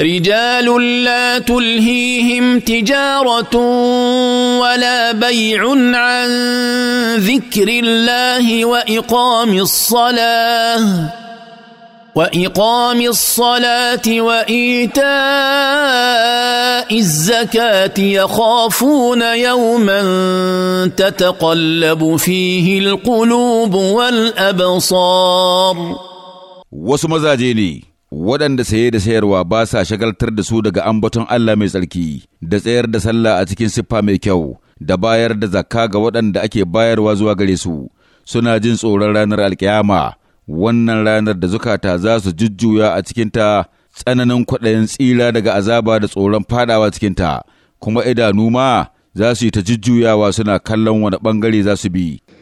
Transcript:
رجال لا تلهيهم تجارة ولا بيع عن ذكر الله وإقام الصلاة وإقام الصلاة وإيتاء الزكاة يخافون يوما تتقلب فيه القلوب والأبصار وسمزاجيني waɗanda saye da sayarwa ba sa shagaltar da su daga ambaton Allah mai tsarki, da tsayar da sallah a cikin siffa mai kyau, da bayar da zakka ga waɗanda ake bayarwa zuwa gare su, suna jin tsoron ranar alkiyama, wannan ranar da zukata za su jujjuya a cikinta tsananin kwaɗayin tsira daga azaba da tsoron fadawa cikinta, kuma idanu ma za su yi ta jujjuyawa suna kallon wani ɓangare za su bi.